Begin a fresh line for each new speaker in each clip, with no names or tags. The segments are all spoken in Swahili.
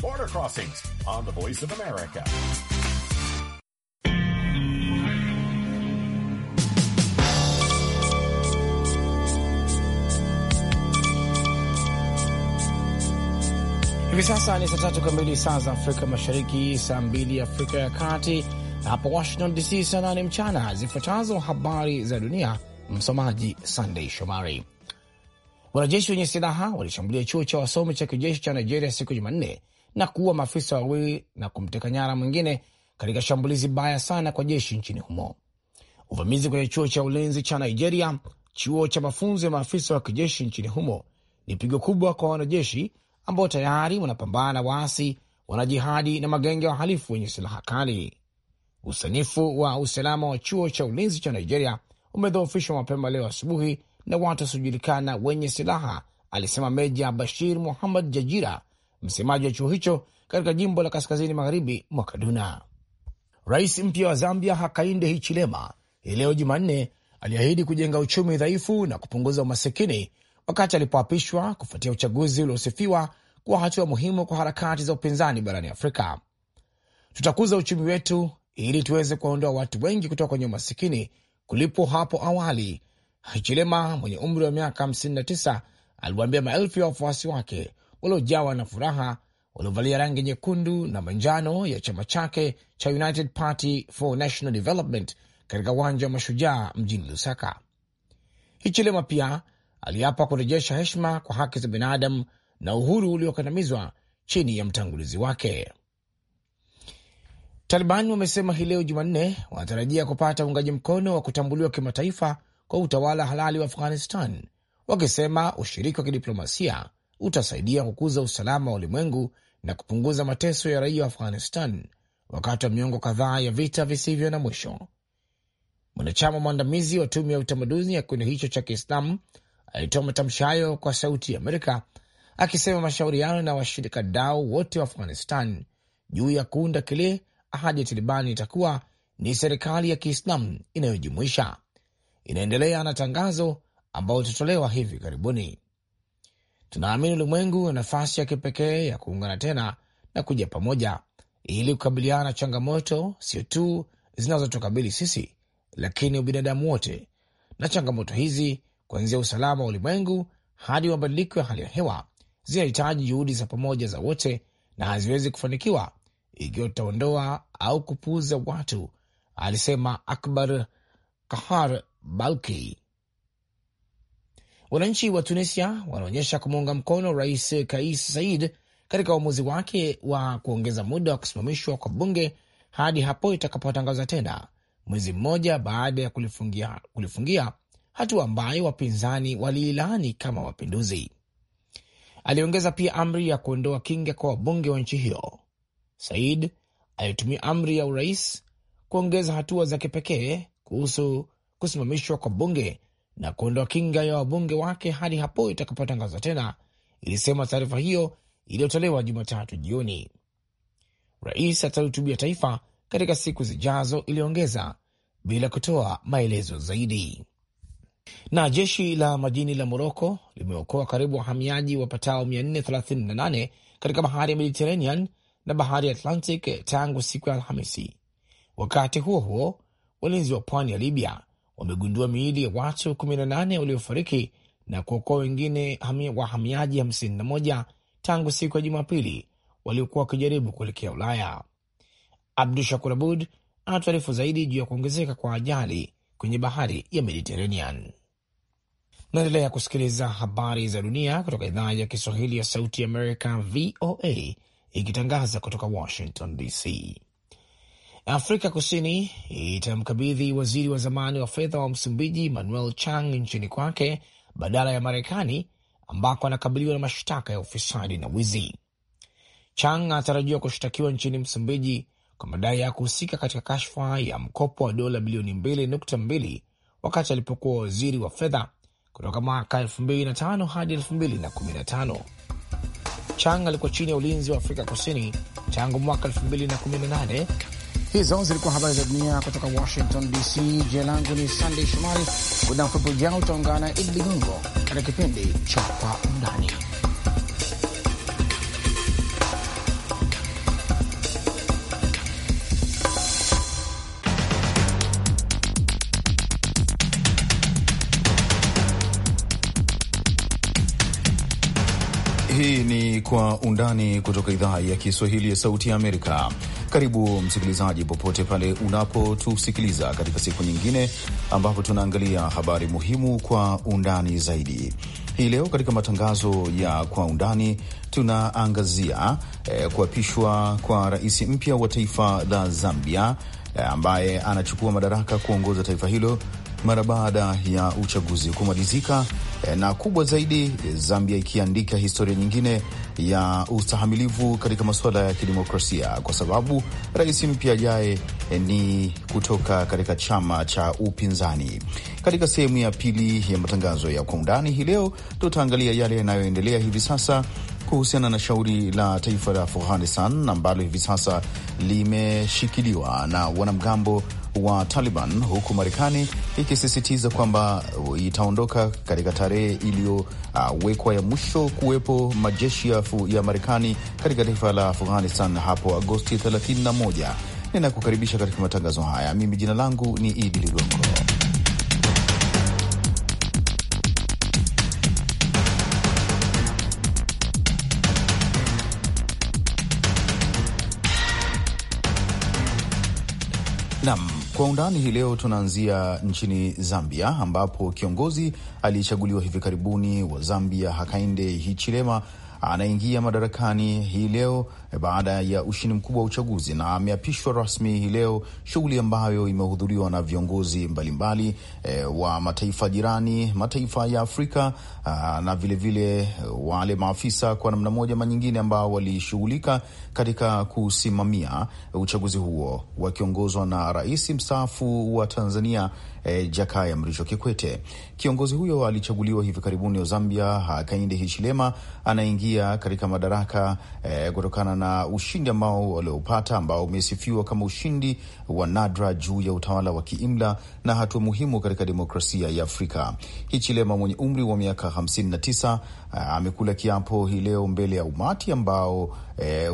Border Crossings on the Voice of America. Hivi sasa ni saa tatu kamili saa za Afrika Mashariki, saa mbili Afrika ya Kati, na hapa Washington DC saa nane mchana. Zifuatazo habari za dunia, msomaji Sandei Shomari. Wanajeshi wenye silaha walishambulia chuo cha wasomi cha kijeshi cha Nigeria siku ya Jumanne na kuua maafisa wawili na kumteka nyara mwingine katika shambulizi baya sana kwa jeshi nchini humo. Uvamizi kwenye chuo cha ulinzi cha Nigeria, chuo cha mafunzo ya maafisa wa kijeshi nchini humo, ni pigo kubwa kwa wanajeshi ambao tayari wanapambana na waasi, wanajihadi na magenge ya wahalifu wenye silaha kali. Usanifu wa usalama wa chuo cha ulinzi cha Nigeria umedhoofishwa mapema leo asubuhi na watu wasiojulikana wenye silaha, alisema Meja Bashir Muhammad Jajira, msemaji wa chuo hicho katika jimbo la kaskazini magharibi mwa Kaduna. Rais mpya wa Zambia Hakainde Hichilema hii leo Jumanne aliahidi kujenga uchumi dhaifu na kupunguza umasikini wakati alipoapishwa kufuatia uchaguzi uliosifiwa kuwa hatua muhimu kwa harakati za upinzani barani Afrika. Tutakuza uchumi wetu ili tuweze kuwaondoa watu wengi kutoka kwenye umasikini kulipo hapo awali, Hichilema mwenye umri wa miaka 59 aliwaambia maelfu ya wafuasi wake waliojawa na furaha waliovalia rangi nyekundu na manjano ya chama chake cha United Party for National Development katika uwanja wa Mashujaa mjini Lusaka. Hichilema pia aliapa kurejesha heshima kwa haki za binadamu na uhuru uliokandamizwa chini ya mtangulizi wake. Taliban wamesema hii leo Jumanne wanatarajia kupata uungaji mkono wa kutambuliwa kimataifa kwa utawala halali wa Afghanistan, wakisema ushiriki wa kidiplomasia utasaidia kukuza usalama wa ulimwengu na kupunguza mateso ya raia wa Afghanistan wakati wa miongo kadhaa ya vita visivyo na mwisho. Mwanachama mwandamizi wa tume ya utamaduni ya kikundi hicho cha Kiislamu alitoa matamshi hayo kwa Sauti ya Amerika akisema mashauriano na washirika dao wote wa Afghanistan juu ya kuunda kile ahadi ya Talibani itakuwa ni serikali ya Kiislamu inayojumuisha inaendelea na tangazo ambalo litatolewa hivi karibuni. Tunaamini ulimwengu na nafasi ya kipekee ya kuungana tena na kuja pamoja ili kukabiliana na changamoto sio tu zinazotukabili sisi, lakini ubinadamu wote, na changamoto hizi kuanzia usalama wa ulimwengu hadi mabadiliko ya hali ya hewa zinahitaji juhudi za pamoja za wote na haziwezi kufanikiwa ikiwa tutaondoa au kupuuza watu, alisema Akbar Kahar, Balki. Wananchi wa Tunisia wanaonyesha kumuunga mkono Rais Kais Said katika uamuzi wake wa kuongeza muda wa kusimamishwa kwa bunge hadi hapo itakapotangaza tena, mwezi mmoja baada ya kulifungia, kulifungia hatua ambayo wapinzani waliilaani kama mapinduzi. Aliongeza pia amri ya kuondoa kinga kwa wabunge wa nchi hiyo. Said alitumia amri ya urais kuongeza hatua za kipekee kuhusu kusimamishwa kwa bunge na kuondoa kinga ya wabunge wake hadi hapo itakapotangazwa tena, ilisema taarifa hiyo iliyotolewa Jumatatu jioni. Rais atahutubia taifa katika siku zijazo, iliongeza bila kutoa maelezo zaidi. Na jeshi la majini la Moroko limeokoa karibu wahamiaji wapatao 438 katika bahari ya Mediterranean na bahari ya Atlantic tangu siku ya Alhamisi. Wakati huo huo, walinzi wa pwani ya Libya wamegundua miili ya watu 18 waliofariki na kuokoa wengine wahamiaji 51 tangu siku ya Jumapili waliokuwa wakijaribu kuelekea Ulaya. Abdu Shakur Abud taarifa zaidi juu ya kuongezeka kwa ajali kwenye bahari ya Mediterranean. Naendelea kusikiliza habari za dunia kutoka idhaa ya Kiswahili ya Sauti ya Amerika, VOA, ikitangaza kutoka Washington DC. Afrika Kusini itamkabidhi waziri wa zamani wa fedha wa Msumbiji Manuel Chang nchini kwake badala ya Marekani ambako anakabiliwa na mashtaka ya ufisadi na wizi. Chang anatarajiwa kushtakiwa nchini Msumbiji kwa madai ya kuhusika katika kashfa ya mkopo wa dola bilioni 2.2 wakati alipokuwa waziri wa fedha kutoka mwaka 2005 hadi 2015. Chang alikuwa chini ya ulinzi wa Afrika Kusini tangu mwaka 2018 Hizo zilikuwa habari za dunia kutoka Washington DC. Jina langu ni Sandey Shomari. Muda mfupi ujao utaungana na Idi Ligongo katika kipindi cha Kwa Undani.
Hii ni Kwa Undani kutoka idhaa ya Kiswahili ya Sauti ya Amerika. Karibu msikilizaji, popote pale unapotusikiliza katika siku nyingine ambapo tunaangalia habari muhimu kwa undani zaidi. Hii leo katika matangazo ya kwa undani tunaangazia eh, kuapishwa kwa rais mpya wa taifa la Zambia eh, ambaye anachukua madaraka kuongoza taifa hilo mara baada ya uchaguzi kumalizika Eh, na kubwa zaidi, Zambia ikiandika historia nyingine ya ustahamilivu katika masuala ya kidemokrasia, kwa sababu rais mpya ajaye eh, ni kutoka katika chama cha upinzani. Katika sehemu ya pili ya matangazo ya kwa undani hii leo, tutaangalia yale yanayoendelea hivi sasa kuhusiana na shauri la taifa la Afghanistan ambalo hivi sasa limeshikiliwa na wanamgambo wa Taliban, huku Marekani ikisisitiza kwamba itaondoka katika tarehe iliyowekwa uh, ya mwisho kuwepo majeshi ya Marekani katika taifa la Afghanistan hapo Agosti 31. Ninakukaribisha katika matangazo haya. Mimi jina langu ni Idi Ligongo. Nam kwa undani hii leo tunaanzia nchini Zambia, ambapo kiongozi aliyechaguliwa hivi karibuni wa Zambia Hakainde Hichilema anaingia madarakani hii leo Eh, baada ya ushindi mkubwa wa uchaguzi na ameapishwa rasmi hii leo, shughuli ambayo imehudhuriwa na viongozi mbalimbali mbali, eh, e, wa mataifa jirani, mataifa ya Afrika a, ah, na vilevile vile, eh, wale maafisa kwa namna moja ama nyingine ambao walishughulika katika kusimamia uchaguzi huo wakiongozwa na rais mstaafu wa Tanzania E, Jakaya Mrisho Kikwete. Kiongozi huyo alichaguliwa hivi karibuni wa Zambia, Hakainde Hichilema anaingia katika madaraka e, kutokana na na ushindi ambao walioupata ambao umesifiwa kama ushindi wa nadra juu ya utawala wa kiimla na hatua muhimu katika demokrasia ya Afrika. Hichilema mwenye umri wa miaka 59 eh, amekula kiapo hii leo mbele ya umati ambao e,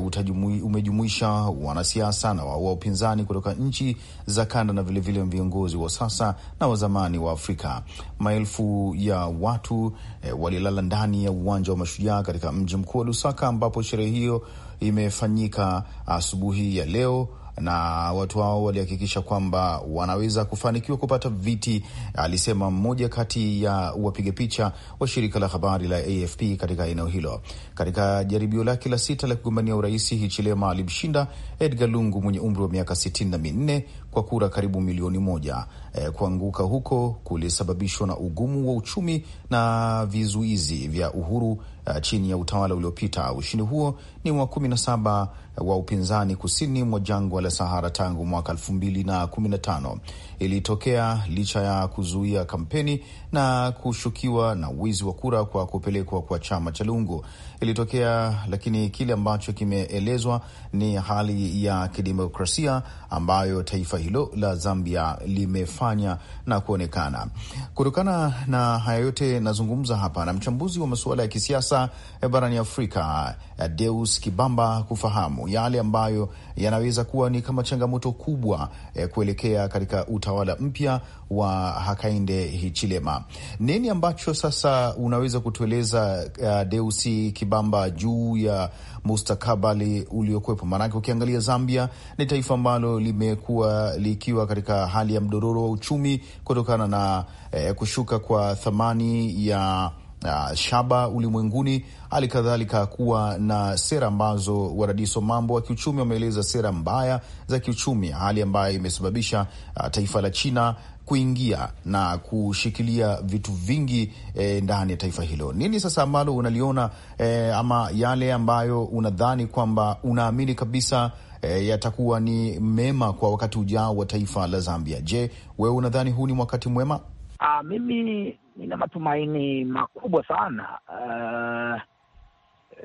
umejumuisha wanasiasa na wa upinzani kutoka nchi za kanda na vilevile viongozi wa sasa na wa zamani wa Afrika. Maelfu ya watu e, walilala ndani ya uwanja wa Mashujaa katika mji mkuu wa Lusaka ambapo sherehe hiyo imefanyika asubuhi ya leo na watu hao walihakikisha kwamba wanaweza kufanikiwa kupata viti, alisema mmoja kati ya wapiga picha wa shirika la habari la AFP katika eneo hilo. Katika jaribio lake la sita la kugombania urais, Hichilema alimshinda Edgar Lungu mwenye umri wa miaka sitini na minne kwa kura karibu milioni moja. E, kuanguka huko kulisababishwa na ugumu wa uchumi na vizuizi vya uhuru a, eh, chini ya utawala uliopita. Ushindi huo ni wa kumi na saba wa upinzani kusini mwa jangwa la Sahara tangu mwaka elfu mbili na kumi na tano ilitokea licha ya kuzuia kampeni na kushukiwa na wizi wa kura kwa kupelekwa kwa chama cha Lungu. Ilitokea lakini kile ambacho kimeelezwa ni hali ya kidemokrasia ambayo taifa hilo la Zambia limefanya na kuonekana. Kutokana na haya yote, nazungumza hapa na mchambuzi wa masuala ya kisiasa eh, barani Afrika, eh, Deus Kibamba, kufahamu yale ambayo yanaweza kuwa ni kama changamoto kubwa eh, kuelekea katika utawala mpya wa Hakainde Hichilema. Nini ambacho sasa unaweza kutueleza uh, Deusi Kibamba juu ya mustakabali uliokuwepo? Maanake ukiangalia Zambia ni taifa ambalo limekuwa likiwa katika hali ya mdororo wa uchumi kutokana na eh, kushuka kwa thamani ya uh, shaba ulimwenguni, hali kadhalika kuwa na sera ambazo waradiso mambo wa kiuchumi wameeleza sera mbaya za kiuchumi, hali ambayo imesababisha uh, taifa la China kuingia na kushikilia vitu vingi e, ndani ya taifa hilo. Nini sasa ambalo unaliona e, ama yale ambayo unadhani kwamba unaamini kabisa e, yatakuwa ni mema kwa wakati ujao wa taifa la Zambia? Je, wewe unadhani huu ni wakati mwema?
Uh, mimi nina matumaini makubwa sana uh,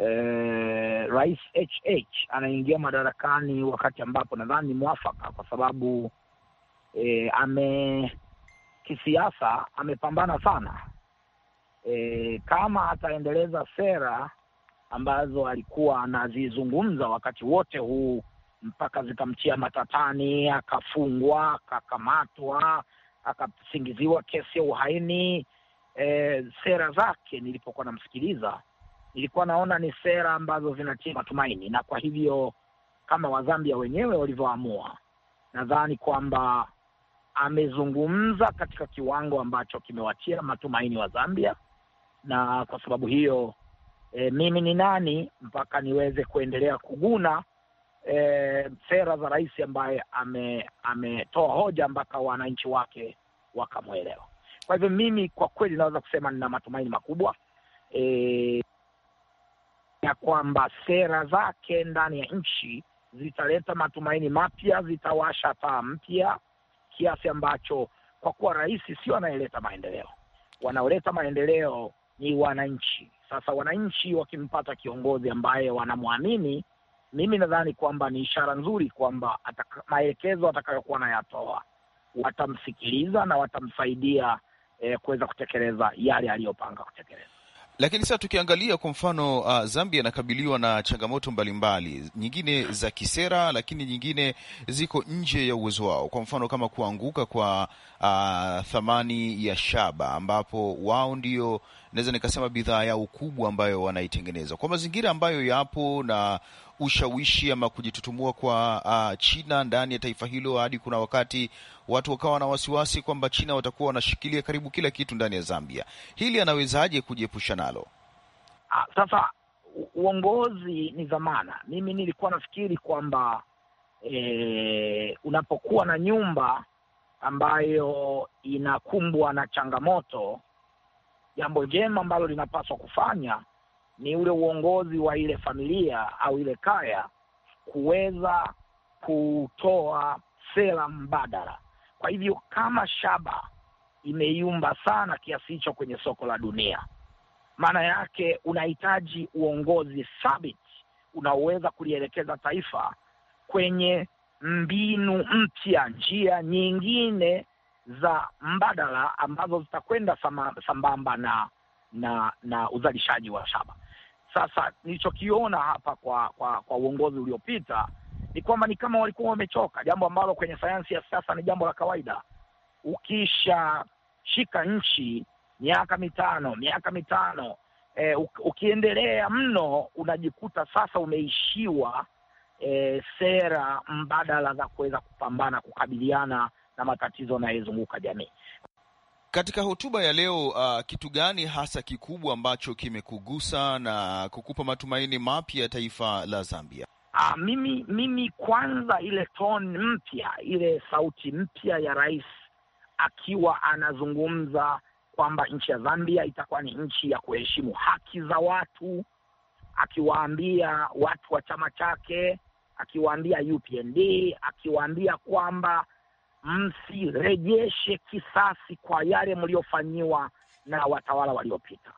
uh, Rais HH anaingia madarakani wakati ambapo nadhani mwafaka, kwa sababu eh, ame kisiasa amepambana sana eh, kama ataendeleza sera ambazo alikuwa anazizungumza wakati wote huu mpaka zikamtia matatani, akafungwa, akakamatwa akasingiziwa kesi ya uhaini e, sera zake nilipokuwa namsikiliza nilikuwa naona ni sera ambazo zinatia matumaini, na kwa hivyo kama Wazambia wenyewe walivyoamua, nadhani kwamba amezungumza katika kiwango ambacho kimewatia matumaini Wazambia, na kwa sababu hiyo e, mimi ni nani mpaka niweze kuendelea kuguna Eh, sera za rais ambaye ametoa ame hoja mpaka wananchi wake wakamwelewa. Kwa hivyo mimi kwa kweli naweza kusema nina matumaini makubwa e, ya kwamba sera zake ndani ya nchi zitaleta matumaini mapya, zitawasha taa mpya kiasi ambacho, kwa kuwa rais sio anayeleta maendeleo, wanaoleta maendeleo ni wananchi. Sasa wananchi wakimpata kiongozi ambaye wanamwamini mimi nadhani kwamba ni ishara nzuri kwamba ataka, maelekezo atakayokuwa anayatoa watamsikiliza na watamsaidia eh, kuweza kutekeleza yale aliyopanga kutekeleza.
Lakini sasa tukiangalia kwa mfano uh, Zambia inakabiliwa na changamoto mbalimbali, nyingine za kisera, lakini nyingine ziko nje ya uwezo wao. Kwa mfano kama kuanguka kwa uh, thamani ya shaba, ambapo wao ndio naweza nikasema bidhaa yao kubwa ambayo wanaitengeneza kwa mazingira ambayo yapo na ushawishi ama kujitutumua kwa uh, China ndani ya taifa hilo, hadi kuna wakati watu wakawa na wasiwasi kwamba China watakuwa wanashikilia karibu kila kitu ndani ya Zambia. Hili anawezaje kujiepusha nalo?
Ah, sasa uongozi ni dhamana. Mimi nilikuwa nafikiri kwamba e, unapokuwa na nyumba ambayo inakumbwa na changamoto jambo jema ambalo linapaswa kufanya ni ule uongozi wa ile familia au ile kaya kuweza kutoa sera mbadala. Kwa hivyo kama shaba imeyumba sana kiasi hicho kwenye soko la dunia, maana yake unahitaji uongozi thabiti unaoweza kulielekeza taifa kwenye mbinu mpya, njia nyingine za mbadala ambazo zitakwenda sambamba na na na uzalishaji wa shaba. Sasa nilichokiona hapa kwa kwa kwa uongozi uliopita ni kwamba ni kama walikuwa wamechoka, jambo ambalo kwenye sayansi ya sasa ni jambo la kawaida. Ukishashika nchi miaka mitano miaka mitano e, ukiendelea mno unajikuta sasa umeishiwa e, sera mbadala za kuweza kupambana kukabiliana na matatizo yanayozunguka jamii.
Katika hotuba ya leo uh, kitu gani hasa kikubwa ambacho kimekugusa na kukupa matumaini mapya ya taifa la Zambia?
Uh, mimi mimi kwanza ile tone mpya, ile sauti mpya ya rais akiwa anazungumza kwamba nchi ya Zambia itakuwa ni nchi ya kuheshimu haki za watu, akiwaambia watu wa chama chake, akiwaambia UPND, akiwaambia kwamba msirejeshe kisasi kwa yale mliofanyiwa na watawala waliopita,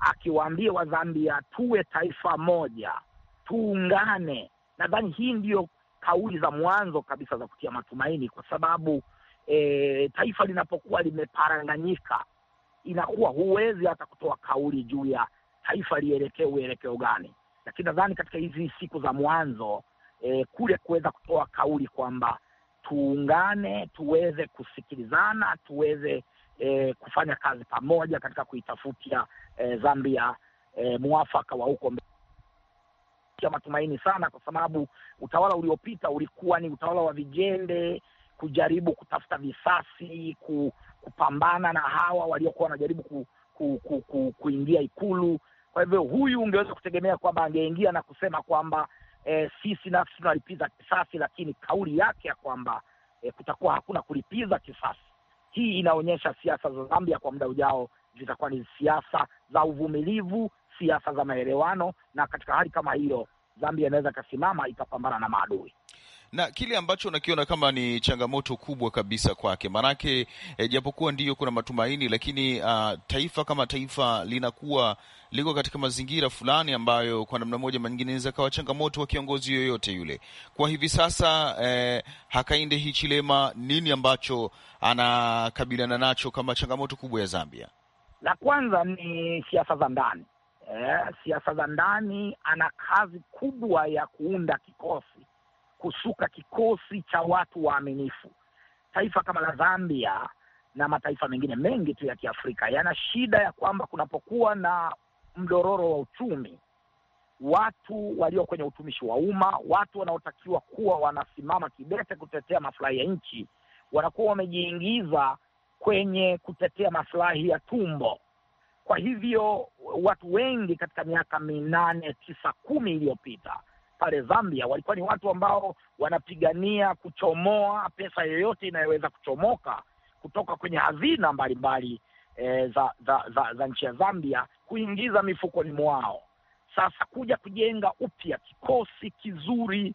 akiwaambia Wazambia tuwe taifa moja, tuungane. Nadhani hii ndiyo kauli za mwanzo kabisa za kutia matumaini, kwa sababu e, taifa linapokuwa limeparanganyika inakuwa huwezi hata kutoa kauli juu ya taifa lielekee uelekeo gani. Lakini nadhani katika hizi siku za mwanzo e, kule kuweza kutoa kauli kwamba tuungane, tuweze kusikilizana, tuweze eh, kufanya kazi pamoja katika kuitafutia eh, Zambia eh, mwafaka wa huko mbele. matumaini sana, kwa sababu utawala uliopita ulikuwa ni utawala wa vijende kujaribu kutafuta visasi, kupambana na hawa waliokuwa wanajaribu ku, ku, ku, ku, kuingia Ikulu. Kwa hivyo huyu ungeweza kutegemea kwamba angeingia na kusema kwamba e, sisi nafsi tunalipiza kisasi, lakini kauli yake ya kwamba e, kutakuwa hakuna kulipiza kisasi, hii inaonyesha siasa za Zambia kwa muda ujao zitakuwa ni siasa za uvumilivu, siasa za maelewano, na katika hali kama hiyo Zambia inaweza ikasimama ikapambana na maadui
na kile ambacho nakiona kama ni changamoto kubwa kabisa kwake, maanake e, eh, japokuwa ndiyo kuna matumaini, lakini uh, taifa kama taifa linakuwa liko katika mazingira fulani ambayo kwa namna moja manyingine inaweza kawa changamoto wa kiongozi yoyote yule. Kwa hivi sasa eh, Hakainde Hichilema, nini ambacho anakabiliana nacho kama changamoto kubwa ya Zambia?
La kwanza ni siasa za ndani eh, siasa za ndani. Ana kazi kubwa ya kuunda kikosi kusuka kikosi cha watu waaminifu. Taifa kama la Zambia na mataifa mengine mengi tu ya Kiafrika yana shida ya kwamba kunapokuwa na mdororo wa uchumi, watu walio kwenye utumishi wa umma, watu wanaotakiwa kuwa wanasimama kidete kutetea maslahi ya nchi, wanakuwa wamejiingiza kwenye kutetea maslahi ya tumbo. Kwa hivyo watu wengi katika miaka minane, tisa, kumi iliyopita pale Zambia walikuwa ni watu ambao wanapigania kuchomoa pesa yoyote inayoweza kuchomoka kutoka kwenye hazina mbalimbali e, za, za, za, za nchi ya Zambia kuingiza mifukoni mwao. Sasa kuja kujenga upya kikosi kizuri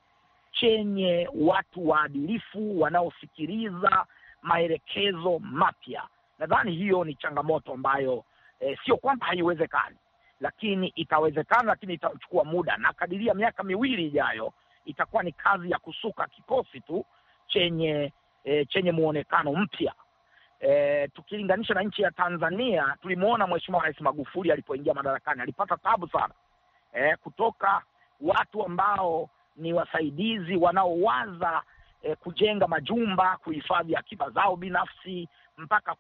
chenye watu waadilifu wanaosikiliza maelekezo mapya. Nadhani hiyo ni changamoto ambayo e, sio kwamba haiwezekani, lakini itawezekana, lakini itachukua muda, na kadiria miaka miwili ijayo itakuwa ni kazi ya kusuka kikosi tu chenye e, chenye muonekano mpya. E, tukilinganisha na nchi ya Tanzania, tulimwona Mheshimiwa Rais Magufuli alipoingia madarakani alipata tabu sana e, kutoka watu ambao ni wasaidizi wanaowaza e, kujenga majumba, kuhifadhi akiba zao binafsi mpaka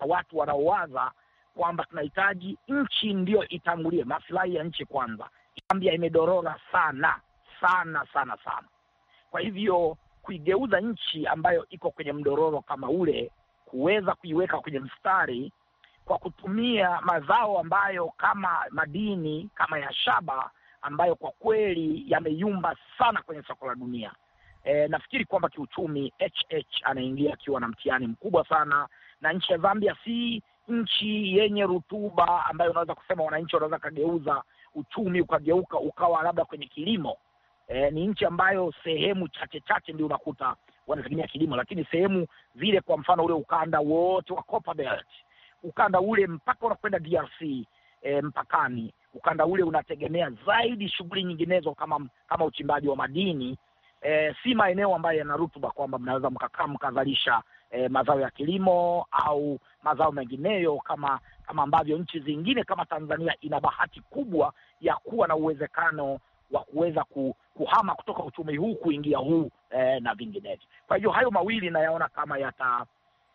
watu wanaowaza kwamba tunahitaji nchi ndiyo itangulie, maslahi ya nchi kwanza. Zambia imedorora sana sana sana sana. Kwa hivyo kuigeuza nchi ambayo iko kwenye mdororo kama ule, kuweza kuiweka kwenye mstari kwa kutumia mazao ambayo kama madini kama ya shaba ambayo kwa kweli yameyumba sana kwenye soko la dunia. E, nafikiri kwamba kiuchumi HH anaingia akiwa na mtihani mkubwa sana, na nchi ya Zambia si nchi yenye rutuba ambayo unaweza kusema wananchi wanaweza kageuza uchumi ukageuka ukawa labda kwenye kilimo e, ni nchi ambayo sehemu chache chache ndio unakuta wanategemea kilimo, lakini sehemu zile, kwa mfano ule ukanda wote wa Copper Belt, ukanda ule mpaka unakwenda DRC e, eh, mpakani, ukanda ule unategemea zaidi shughuli nyinginezo kama kama uchimbaji wa madini e, si maeneo ambayo yana rutuba kwamba mnaweza mkakaa mkazalisha e, mazao ya kilimo au mazao mengineyo kama kama ambavyo nchi zingine kama Tanzania ina bahati kubwa ya kuwa na uwezekano wa kuweza kuhama kutoka uchumi huu kuingia huu e, na vinginevyo. Kwa hiyo hayo mawili nayaona kama yata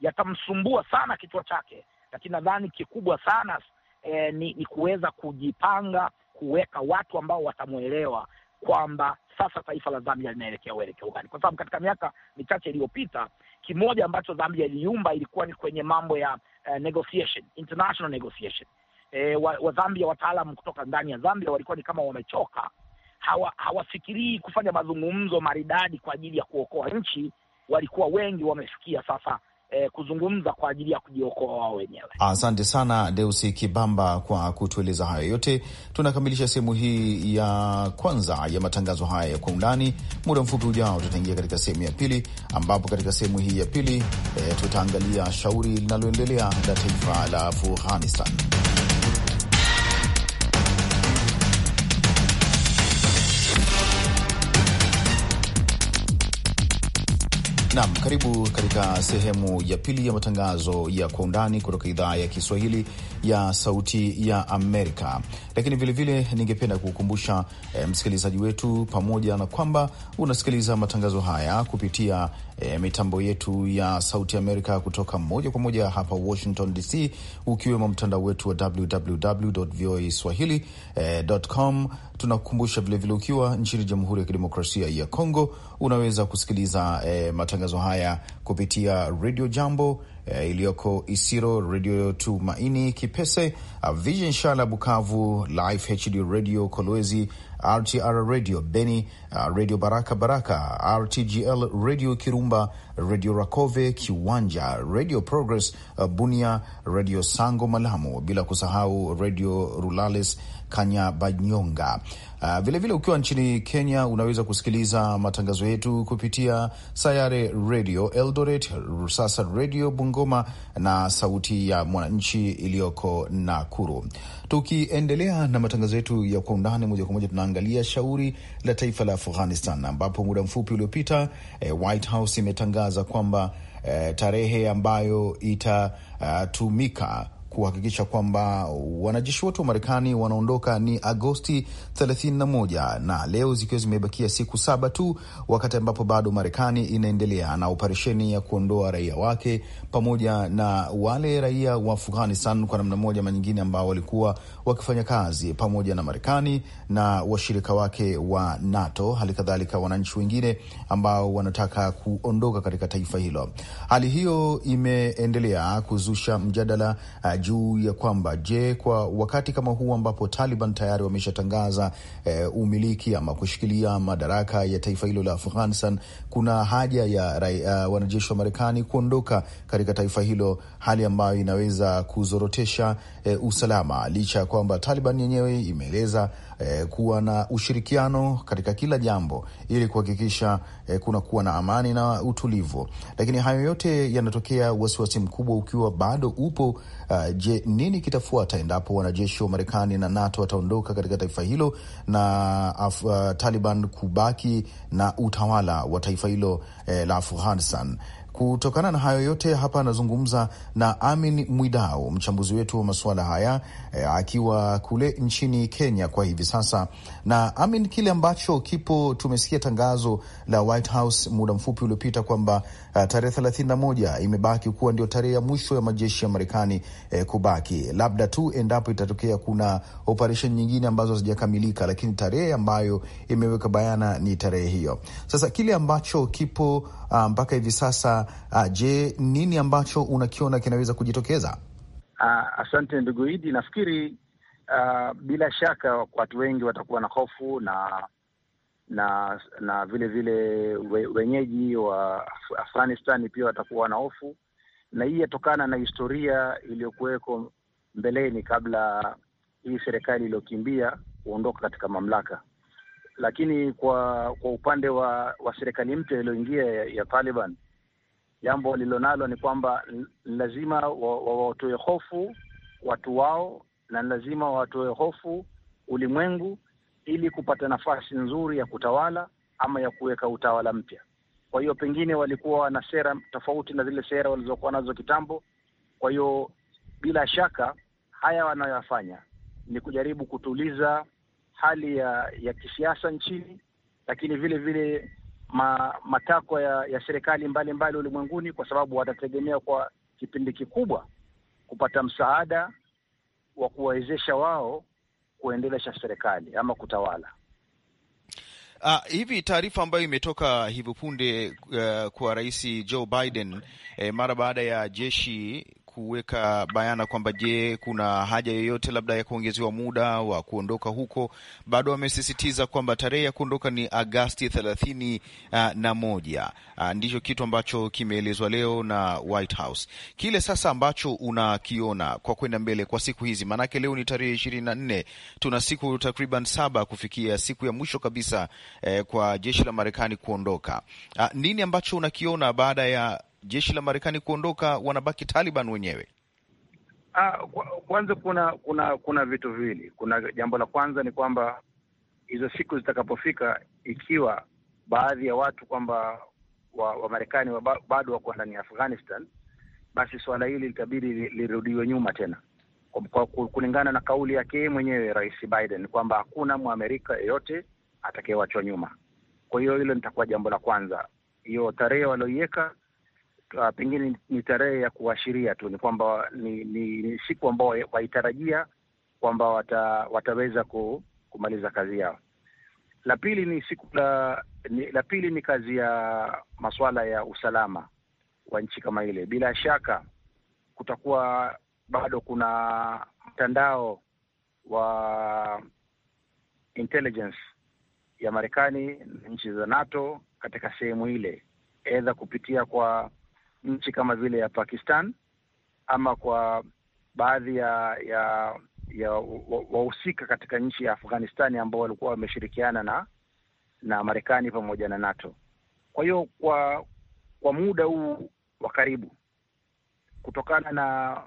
yatamsumbua sana kichwa chake, lakini nadhani kikubwa sana e, ni, ni kuweza kujipanga kuweka watu ambao watamwelewa kwamba sasa taifa la Zambia linaelekea uelekeo gani, kwa sababu katika miaka michache iliyopita kimoja ambacho Zambia iliumba ilikuwa ni kwenye mambo ya uh, negotiation, international negotiation. E, wa, wa Zambia wataalam kutoka ndani ya Zambia walikuwa ni kama wamechoka, hawa hawafikirii kufanya mazungumzo maridadi kwa ajili ya kuokoa nchi. Walikuwa wengi wamefikia sasa eh, kuzungumza kwa ajili ya kujiokoa wao wenyewe.
Asante sana Deusi Kibamba kwa kutueleza hayo yote. Tunakamilisha sehemu hii ya kwanza ya matangazo haya ya kwa undani. Muda mfupi ujao, tutaingia katika sehemu ya pili, ambapo katika sehemu hii ya pili eh, tutaangalia shauri linaloendelea la taifa la Afghanistan. Nam, karibu katika sehemu ya pili ya matangazo ya kwa undani kutoka idhaa ya Kiswahili ya Sauti ya Amerika. Lakini vilevile ningependa kukumbusha e, msikilizaji wetu, pamoja na kwamba unasikiliza matangazo haya kupitia e, mitambo yetu ya Sauti Amerika kutoka moja kwa moja hapa Washington DC, ukiwemo mtandao wetu wa www voa swahili e, eh, com. Tunakukumbusha vilevile ukiwa nchini Jamhuri ya Kidemokrasia ya Kongo unaweza kusikiliza e, matangazo haya kupitia Radio Jambo eh, iliyoko Isiro, Redio Tumaini Kipese, Vision Shala Bukavu, Life HD Radio Kolwezi, RTR Radio Beni, Radio Baraka Baraka, RTGL Radio Kirumba, Radio Rakove Kiwanja, Radio Progress Bunia, Radio Sango Malamu, bila kusahau Radio rulales Kanya Banyonga. Vilevile ah, vile ukiwa nchini Kenya unaweza kusikiliza matangazo yetu kupitia Sayare Radio Eldoret, Sasa Radio Bungoma na Sauti ya Mwananchi iliyoko Nakuru. Tukiendelea na matangazo yetu ya kwa undani, moja kwa moja tunaangalia shauri la taifa la Afghanistan, ambapo muda mfupi uliopita eh, White House imetangaza kwamba eh, tarehe ambayo itatumika uh, kuhakikisha kwamba wanajeshi wote wa Marekani wanaondoka ni Agosti 31 na leo zikiwa zimebakia siku saba tu, wakati ambapo bado Marekani inaendelea na operesheni ya kuondoa raia wake pamoja na wale raia wa Afghanistan kwa namna moja ama nyingine ambao walikuwa wakifanya kazi pamoja na Marekani na washirika wake wa NATO, hali kadhalika wananchi wengine ambao wanataka kuondoka katika taifa hilo. Hali hiyo imeendelea kuzusha mjadala uh, juu ya kwamba je, kwa wakati kama huu ambapo Taliban tayari wameshatangaza e, umiliki ama kushikilia madaraka ya taifa hilo la Afghanistan, kuna haja ya uh, wanajeshi wa Marekani kuondoka katika taifa hilo, hali ambayo inaweza kuzorotesha e, usalama, licha ya kwamba Taliban yenyewe imeeleza eh, kuwa na ushirikiano katika kila jambo ili kuhakikisha eh, kunakuwa na amani na utulivu. Lakini hayo yote yanatokea, wasiwasi mkubwa ukiwa bado upo. Uh, je, nini kitafuata endapo wanajeshi wa Marekani na NATO wataondoka katika taifa hilo na af, uh, Taliban kubaki na utawala wa taifa hilo eh, la Afghanistan? Kutokana na hayo yote, hapa anazungumza na Amin Mwidau, mchambuzi wetu wa masuala haya e, akiwa kule nchini Kenya kwa hivi sasa. Na Amin, kile ambacho kipo, tumesikia tangazo la White House muda mfupi uliopita kwamba e, tarehe 31 imebaki kuwa ndio tarehe ya mwisho ya majeshi ya Marekani e, kubaki, labda tu endapo itatokea kuna operesheni nyingine ambazo hazijakamilika, lakini tarehe ambayo imeweka bayana ni tarehe hiyo. Sasa kile ambacho kipo uh, mpaka hivi sasa uh, je, nini ambacho unakiona kinaweza kujitokeza?
Uh, asante ndugu Idi, nafikiri uh, bila shaka watu wengi watakuwa na hofu na na na vile vile we, wenyeji wa Afghanistan pia watakuwa na hofu, na hii yatokana na historia iliyokuweko mbeleni kabla hii serikali iliyokimbia kuondoka katika mamlaka lakini kwa kwa upande wa, wa serikali mpya iliyoingia ya, ya Taliban, jambo walilonalo ni kwamba lazima wawatoe wa, hofu watu wao na lazima wawatoe hofu ulimwengu ili kupata nafasi nzuri ya kutawala ama ya kuweka utawala mpya. Kwa hiyo pengine walikuwa na sera tofauti na zile sera walizokuwa nazo kitambo. Kwa hiyo bila shaka haya wanayoyafanya ni kujaribu kutuliza hali ya ya kisiasa nchini, lakini vile vile ma, matakwa ya, ya serikali mbalimbali ulimwenguni, kwa sababu watategemea kwa kipindi kikubwa kupata msaada wa kuwawezesha wao kuendelesha serikali ama kutawala.
Ah, hivi taarifa ambayo imetoka hivi punde uh, kwa Rais Joe Biden eh, mara baada ya jeshi kuweka bayana kwamba je, kuna haja yoyote labda ya kuongezewa muda wa kuondoka huko? Bado wamesisitiza kwamba tarehe ya kuondoka ni Agasti thelathini uh, na moja. Uh, ndicho kitu ambacho kimeelezwa leo na White House. Kile sasa ambacho unakiona kwa kwenda mbele kwa siku hizi, maanake leo ni tarehe ishirini na nne, tuna siku takriban saba kufikia siku ya mwisho kabisa eh, kwa jeshi la Marekani kuondoka. Uh, nini ambacho unakiona baada ya jeshi la Marekani kuondoka, wanabaki Taliban wenyewe?
Ah, kwanza kuna kuna kuna vitu viwili. Kuna jambo la kwanza ni kwamba hizo siku zitakapofika, ikiwa baadhi ya watu kwamba Wamarekani wa wa bado wako ndani ya Afghanistan, basi suala hili litabidi lirudiwe nyuma tena kwa kulingana na kauli yake mwenyewe Rais Biden kwamba hakuna Mwamerika yeyote atakayewachwa nyuma. Kwa hiyo hilo litakuwa jambo la kwanza. Hiyo tarehe walioiweka uh, pengine ni tarehe ya kuashiria tu, ni kwamba ni, ni, ni siku ambao waitarajia kwamba wata, wataweza kumaliza kazi yao. La pili ni siku la, ni, la pili ni kazi ya masuala ya usalama wa nchi kama ile. Bila shaka kutakuwa bado kuna mtandao wa intelligence ya Marekani na nchi za NATO katika sehemu ile, aidha kupitia kwa nchi kama vile ya Pakistan ama kwa baadhi ya ya ya wahusika katika nchi ya Afghanistani ambao walikuwa wameshirikiana na na Marekani pamoja na NATO. Kwa hiyo kwa kwa muda huu wa karibu, kutokana na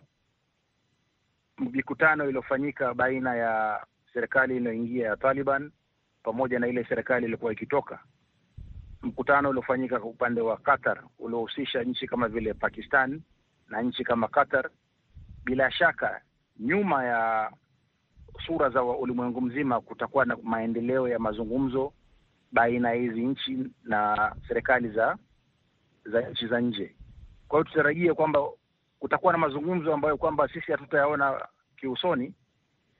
mikutano iliyofanyika baina ya serikali inayoingia ya Taliban pamoja na ile serikali iliyokuwa ikitoka mkutano uliofanyika kwa upande wa Qatar uliohusisha nchi kama vile Pakistan na nchi kama Qatar. Bila shaka nyuma ya sura za ulimwengu mzima kutakuwa na maendeleo ya mazungumzo baina ya hizi nchi na serikali za za nchi za nje. Kwa hiyo tutarajie kwamba kutakuwa na mazungumzo ambayo kwamba sisi hatutayaona kiusoni,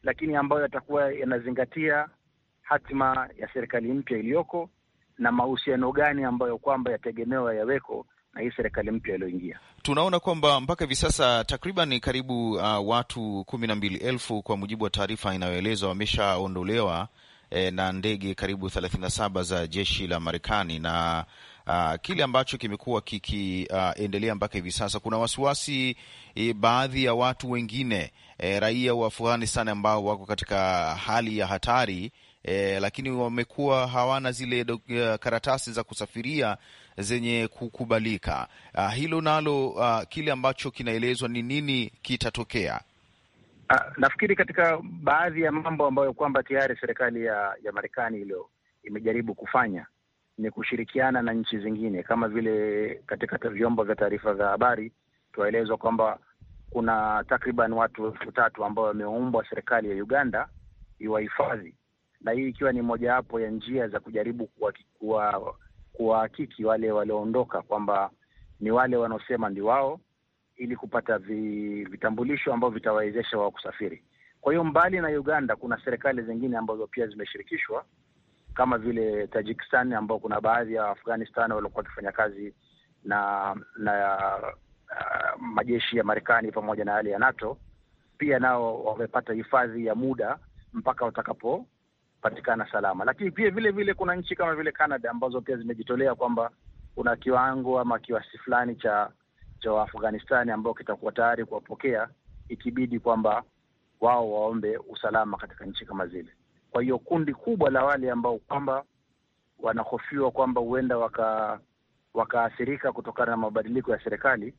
lakini ambayo yatakuwa yanazingatia hatima ya serikali mpya iliyoko na mahusiano gani ambayo kwamba yategemewa yaweko na hii serikali mpya iliyoingia.
Tunaona kwamba mpaka hivi sasa takriban karibu uh, watu kumi na mbili elfu kwa mujibu wa taarifa inayoelezwa wameshaondolewa eh, na ndege karibu thelathini na saba za jeshi la Marekani na Uh, kile ambacho kimekuwa kikiendelea uh, mpaka hivi sasa, kuna wasiwasi e, baadhi ya watu wengine e, raia wa Afghanistan ambao wako katika hali ya hatari e, lakini wamekuwa hawana zile do, e, karatasi za kusafiria zenye kukubalika. Uh, hilo nalo uh, kile ambacho kinaelezwa ni nini kitatokea? Uh, nafikiri
katika baadhi ya mambo ambayo kwamba tayari serikali ya, ya Marekani hilo imejaribu kufanya ni kushirikiana na nchi zingine kama vile katika vyombo vya taarifa za habari tuwaelezwa kwamba kuna takriban watu elfu tatu ambao wameombwa serikali ya Uganda iwahifadhi na hii ikiwa ni mojawapo ya njia za kujaribu kuwahakiki wale walioondoka kwamba ni wale wanaosema ndi wao, ili kupata vi, vitambulisho ambavyo vitawawezesha wao kusafiri. Kwa hiyo mbali na Uganda, kuna serikali zingine ambazo pia zimeshirikishwa kama vile Tajikistan, ambao kuna baadhi ya Afghanistan waliokuwa wakifanya kazi na na uh, majeshi ya Marekani pamoja na yale ya NATO, pia nao wamepata hifadhi ya muda mpaka watakapo kupatikana salama. Lakini pia vile vile kuna nchi kama vile Canada ambazo pia zimejitolea kwamba kuna kiwango ama kiwasi fulani cha cha Waafghanistani ambao kitakuwa tayari kuwapokea ikibidi kwamba wao waombe usalama katika nchi kama zile. Kwa hiyo kundi kubwa la wale ambao kwamba wanahofiwa kwamba huenda waka wakaathirika kutokana na mabadiliko ya serikali,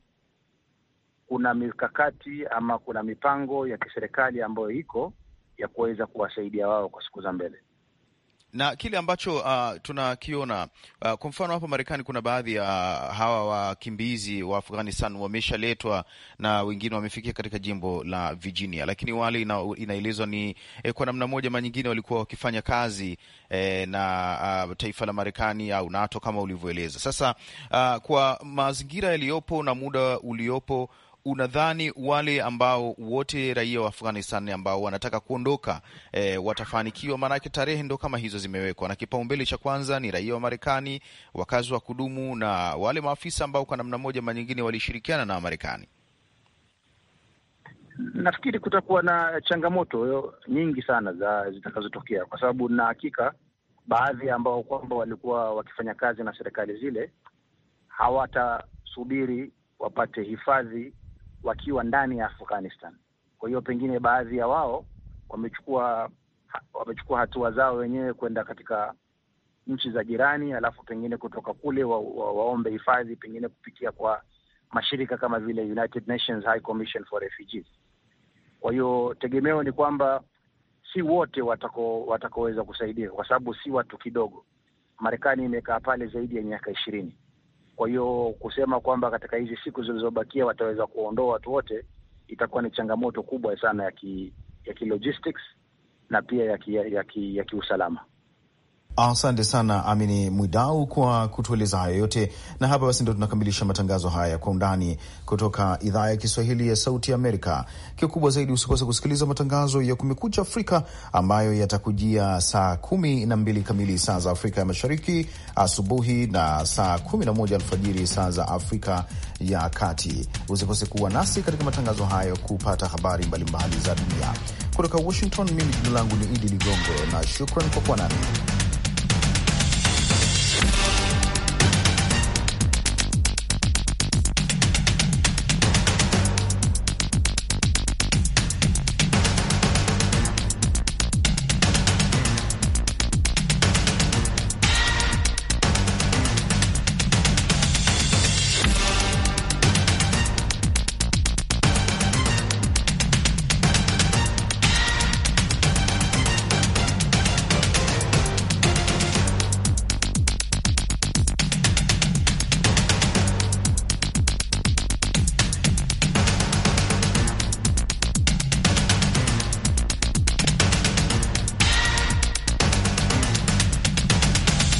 kuna mikakati ama kuna mipango ya kiserikali ambayo iko ya kuweza kuwasaidia wao kwa siku za mbele
na kile ambacho uh, tunakiona uh, kwa mfano hapa Marekani kuna baadhi ya uh, hawa wakimbizi wa Afghanistan wameshaletwa na wengine wamefikia katika jimbo la Virginia, lakini wale ina, inaelezwa ni eh, kwa namna moja ama nyingine walikuwa wakifanya kazi eh, na uh, taifa la Marekani au NATO kama ulivyoeleza. Sasa uh, kwa mazingira yaliyopo na muda uliopo unadhani wale ambao wote raia wa Afghanistan ambao wanataka kuondoka e, watafanikiwa? Maanake tarehe ndo kama hizo zimewekwa, na kipaumbele cha kwanza ni raia wa Marekani, wakazi wa kudumu na wale maafisa ambao kwa namna moja ama nyingine walishirikiana na Wamarekani.
Nafikiri kutakuwa na changamoto eh, nyingi sana za zitakazotokea kwa sababu na hakika baadhi ambao kwamba walikuwa wakifanya kazi na serikali zile hawatasubiri wapate hifadhi wakiwa ndani ya Afghanistan. Kwa hiyo pengine baadhi ya wao wamechukua wamechukua hatua zao wenyewe kwenda katika nchi za jirani, alafu pengine kutoka kule wa, wa, waombe hifadhi pengine kupitia kwa mashirika kama vile United Nations High Commission for Refugees. Kwa hiyo tegemeo ni kwamba si wote watako watakaoweza kusaidia, kwa sababu si watu kidogo. Marekani imekaa pale zaidi ya miaka ishirini. Kwa hiyo kusema kwamba katika hizi siku zilizobakia wataweza kuondoa watu wote itakuwa ni changamoto kubwa sana ya ki, ya ki logistics na pia ya kiusalama ya ki
Asante sana Amini Mwidau kwa kutueleza hayo yote, na hapa basi ndo tunakamilisha matangazo haya kwa undani kutoka idhaa ya Kiswahili ya Sauti Amerika. Kikubwa zaidi, usikose kusikiliza matangazo ya Kumekucha Afrika ambayo yatakujia saa kumi na mbili kamili saa za Afrika ya Mashariki asubuhi na saa kumi na moja alfajiri saa za Afrika ya Kati. Usikose kuwa nasi katika matangazo hayo kupata habari mbalimbali za dunia kutoka Washington. Mimi jina langu ni Idi Ligongo na shukran kwa kuwa nami.